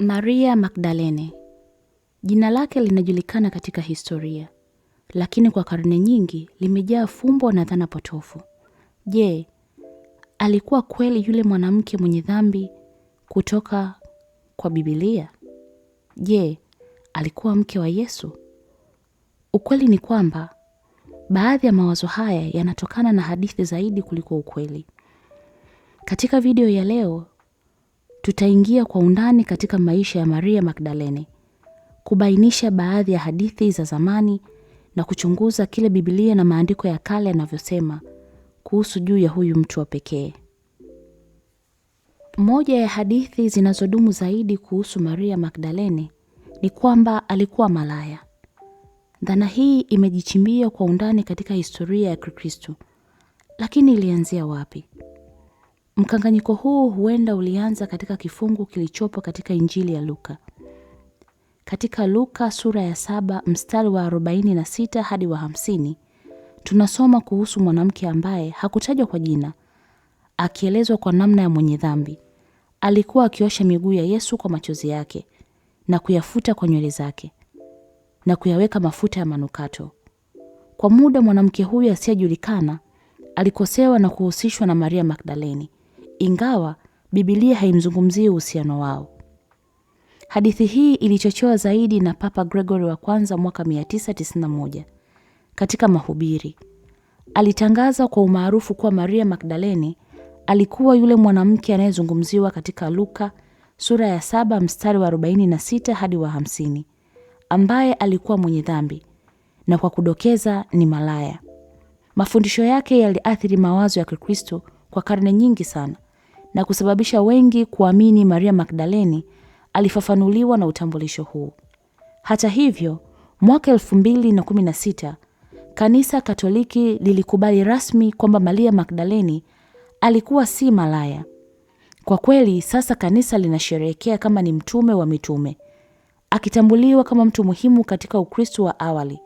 Maria Magdalene. Jina lake linajulikana katika historia, lakini kwa karne nyingi limejaa fumbo na dhana potofu. Je, alikuwa kweli yule mwanamke mwenye dhambi kutoka kwa Biblia? Je, alikuwa mke wa Yesu? Ukweli ni kwamba baadhi ya mawazo haya yanatokana na hadithi zaidi kuliko ukweli. Katika video ya leo tutaingia kwa undani katika maisha ya Maria Magdalene, kubainisha baadhi ya hadithi za zamani na kuchunguza kile Biblia na maandiko ya kale yanavyosema kuhusu juu ya huyu mtu wa pekee. Moja ya hadithi zinazodumu zaidi kuhusu Maria Magdalene ni kwamba alikuwa malaya. Dhana hii imejichimbia kwa undani katika historia ya Kikristo. Lakini ilianzia wapi? Mkanganyiko huu huenda ulianza katika kifungu kilichopo katika Injili ya Luka. Katika Luka sura ya saba mstari wa 46 hadi wa 50 tunasoma kuhusu mwanamke ambaye hakutajwa kwa jina, akielezwa kwa namna ya mwenye dhambi. Alikuwa akiosha miguu ya Yesu kwa machozi yake na kuyafuta kwa nywele zake na kuyaweka mafuta ya manukato. Kwa muda mwanamke huyu asiyejulikana alikosewa na kuhusishwa na Maria Magdaleni, ingawa Biblia haimzungumzii uhusiano wao. Hadithi hii ilichochewa zaidi na Papa Gregory wa kwanza mwaka 991 katika mahubiri. Alitangaza kwa umaarufu kuwa Maria Magdaleni alikuwa yule mwanamke anayezungumziwa katika Luka sura ya saba mstari wa 46 hadi wa 50, ambaye alikuwa mwenye dhambi na kwa kudokeza ni malaya. Mafundisho yake yaliathiri mawazo ya Kikristo kwa karne nyingi sana, na kusababisha wengi kuamini Maria Magdaleni alifafanuliwa na utambulisho huu. Hata hivyo, mwaka 2016 Kanisa Katoliki lilikubali rasmi kwamba Maria Magdaleni alikuwa si malaya. Kwa kweli, sasa kanisa linasherehekea kama ni mtume wa mitume, akitambuliwa kama mtu muhimu katika Ukristo wa awali.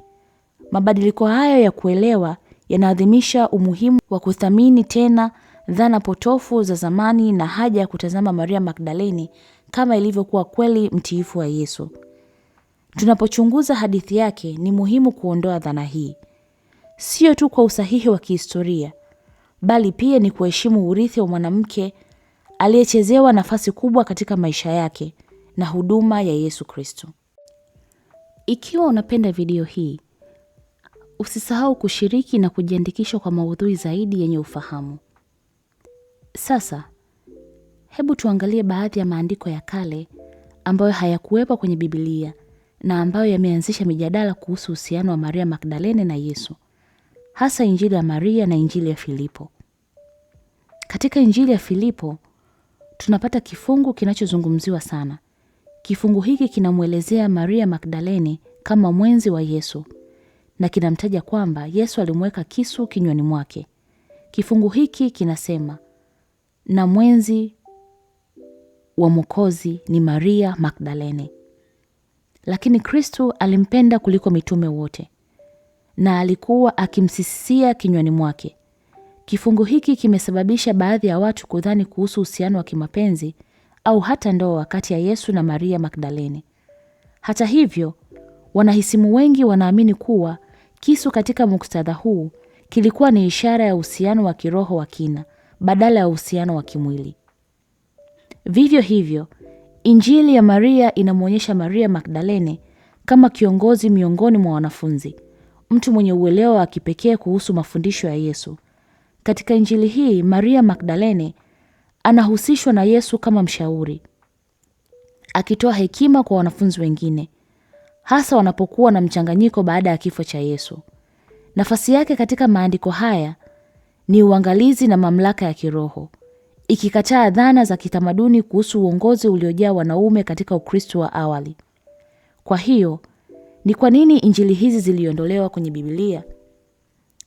Mabadiliko hayo ya kuelewa yanaadhimisha umuhimu wa kuthamini tena dhana potofu za zamani na haja ya kutazama Maria Magdaleni kama ilivyokuwa kweli mtiifu wa Yesu. Tunapochunguza hadithi yake, ni muhimu kuondoa dhana hii, sio tu kwa usahihi wa kihistoria, bali pia ni kuheshimu urithi wa mwanamke aliyechezewa nafasi kubwa katika maisha yake na huduma ya Yesu Kristo. Ikiwa unapenda video hii, usisahau kushiriki na kujiandikisha kwa maudhui zaidi yenye ufahamu. Sasa hebu tuangalie baadhi ya maandiko ya kale ambayo hayakuwepo kwenye Biblia na ambayo yameanzisha mijadala kuhusu uhusiano wa Maria Magdalene na Yesu, hasa Injili ya Maria na Injili ya Filipo. Katika Injili ya Filipo tunapata kifungu kinachozungumziwa sana. Kifungu hiki kinamwelezea Maria Magdalene kama mwenzi wa Yesu na kinamtaja kwamba Yesu alimweka kisu kinywani mwake. Kifungu hiki kinasema na mwenzi wa Mwokozi ni Maria Magdalene. Lakini Kristu alimpenda kuliko mitume wote, na alikuwa akimsisia kinywani mwake. Kifungu hiki kimesababisha baadhi ya watu kudhani kuhusu uhusiano wa kimapenzi au hata ndoa kati ya Yesu na Maria Magdalene. Hata hivyo, wanahisimu wengi wanaamini kuwa kisu katika muktadha huu kilikuwa ni ishara ya uhusiano wa kiroho wa kina badala ya uhusiano wa kimwili. Vivyo hivyo, Injili ya Maria inamwonyesha Maria Magdalene kama kiongozi miongoni mwa wanafunzi, mtu mwenye uelewa wa kipekee kuhusu mafundisho ya Yesu. Katika Injili hii, Maria Magdalene anahusishwa na Yesu kama mshauri, akitoa hekima kwa wanafunzi wengine, hasa wanapokuwa na mchanganyiko baada ya kifo cha Yesu. Nafasi yake katika maandiko haya ni uangalizi na mamlaka ya kiroho, ikikataa dhana za kitamaduni kuhusu uongozi uliojaa wanaume katika Ukristo wa awali. Kwa hiyo ni kwa nini injili hizi ziliondolewa kwenye Biblia?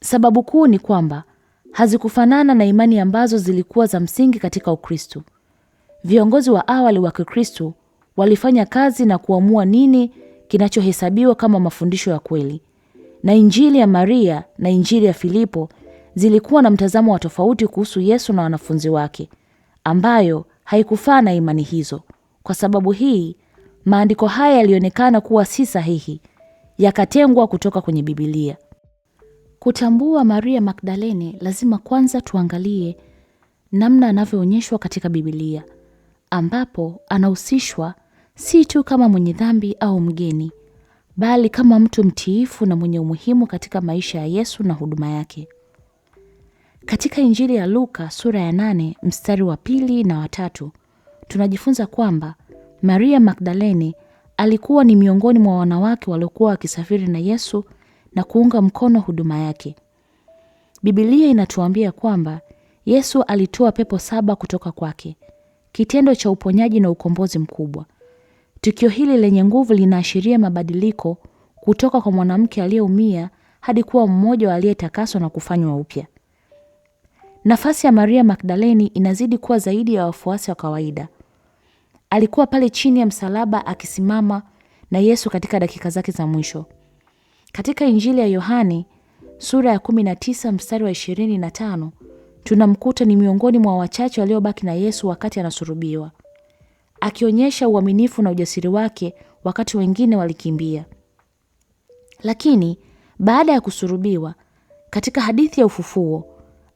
Sababu kuu ni kwamba hazikufanana na imani ambazo zilikuwa za msingi katika Ukristo. Viongozi wa awali wa Kikristo walifanya kazi na kuamua nini kinachohesabiwa kama mafundisho ya kweli, na injili ya Maria na injili ya Filipo zilikuwa na mtazamo wa tofauti kuhusu Yesu na wanafunzi wake, ambayo haikufaa na imani hizo. Kwa sababu hii, maandiko haya yalionekana kuwa si sahihi, yakatengwa kutoka kwenye Bibilia. Kutambua Maria Magdalene, lazima kwanza tuangalie namna anavyoonyeshwa katika Bibilia, ambapo anahusishwa si tu kama mwenye dhambi au mgeni, bali kama mtu mtiifu na mwenye umuhimu katika maisha ya Yesu na huduma yake. Katika Injili ya Luka sura ya nane mstari wa pili na watatu tunajifunza kwamba Maria Magdalene alikuwa ni miongoni mwa wanawake waliokuwa wakisafiri na Yesu na kuunga mkono huduma yake. bibilia inatuambia kwamba Yesu alitoa pepo saba kutoka kwake, kitendo cha uponyaji na ukombozi mkubwa. Tukio hili lenye nguvu linaashiria mabadiliko kutoka kwa mwanamke aliyeumia hadi kuwa mmoja aliyetakaswa na kufanywa upya. Nafasi ya Maria Magdaleni inazidi kuwa zaidi ya wafuasi wa kawaida. Alikuwa pale chini ya msalaba akisimama na Yesu katika dakika zake za mwisho. Katika Injili ya Yohani sura ya 19 mstari wa 25 tunamkuta ni miongoni mwa wachache waliobaki na Yesu wakati anasurubiwa, akionyesha uaminifu na ujasiri wake wakati wengine walikimbia. Lakini baada ya kusurubiwa, katika hadithi ya ufufuo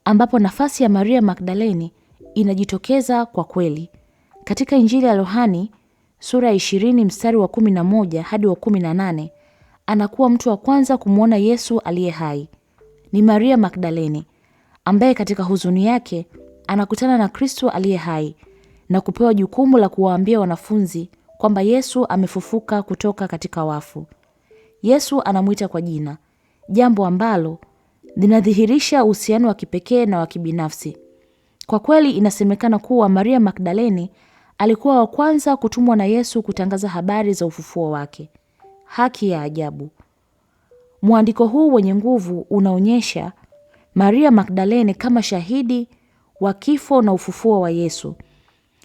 ambapo nafasi ya Maria Magdaleni inajitokeza kwa kweli. Katika Injili ya Yohani sura ya 20 mstari wa 11 hadi wa 18, anakuwa mtu wa kwanza kumwona Yesu aliye hai. Ni Maria Magdaleni ambaye katika huzuni yake anakutana na Kristo aliye hai na kupewa jukumu la kuwaambia wanafunzi kwamba Yesu amefufuka kutoka katika wafu. Yesu anamwita kwa jina, jambo ambalo zinadhihirisha uhusiano wa kipekee na wa kibinafsi. Kwa kweli, inasemekana kuwa Maria Magdaleni alikuwa wa kwanza kutumwa na Yesu kutangaza habari za ufufuo wake. Haki ya ajabu! Mwandiko huu wenye nguvu unaonyesha Maria magdaleni kama shahidi wa kifo na ufufuo wa Yesu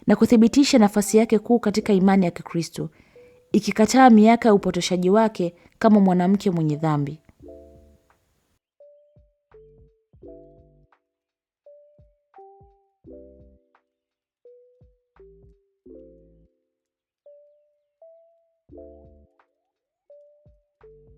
na kuthibitisha nafasi yake kuu katika imani ya Kikristo, ikikataa miaka ya upotoshaji wake kama mwanamke mwenye dhambi. Thank you.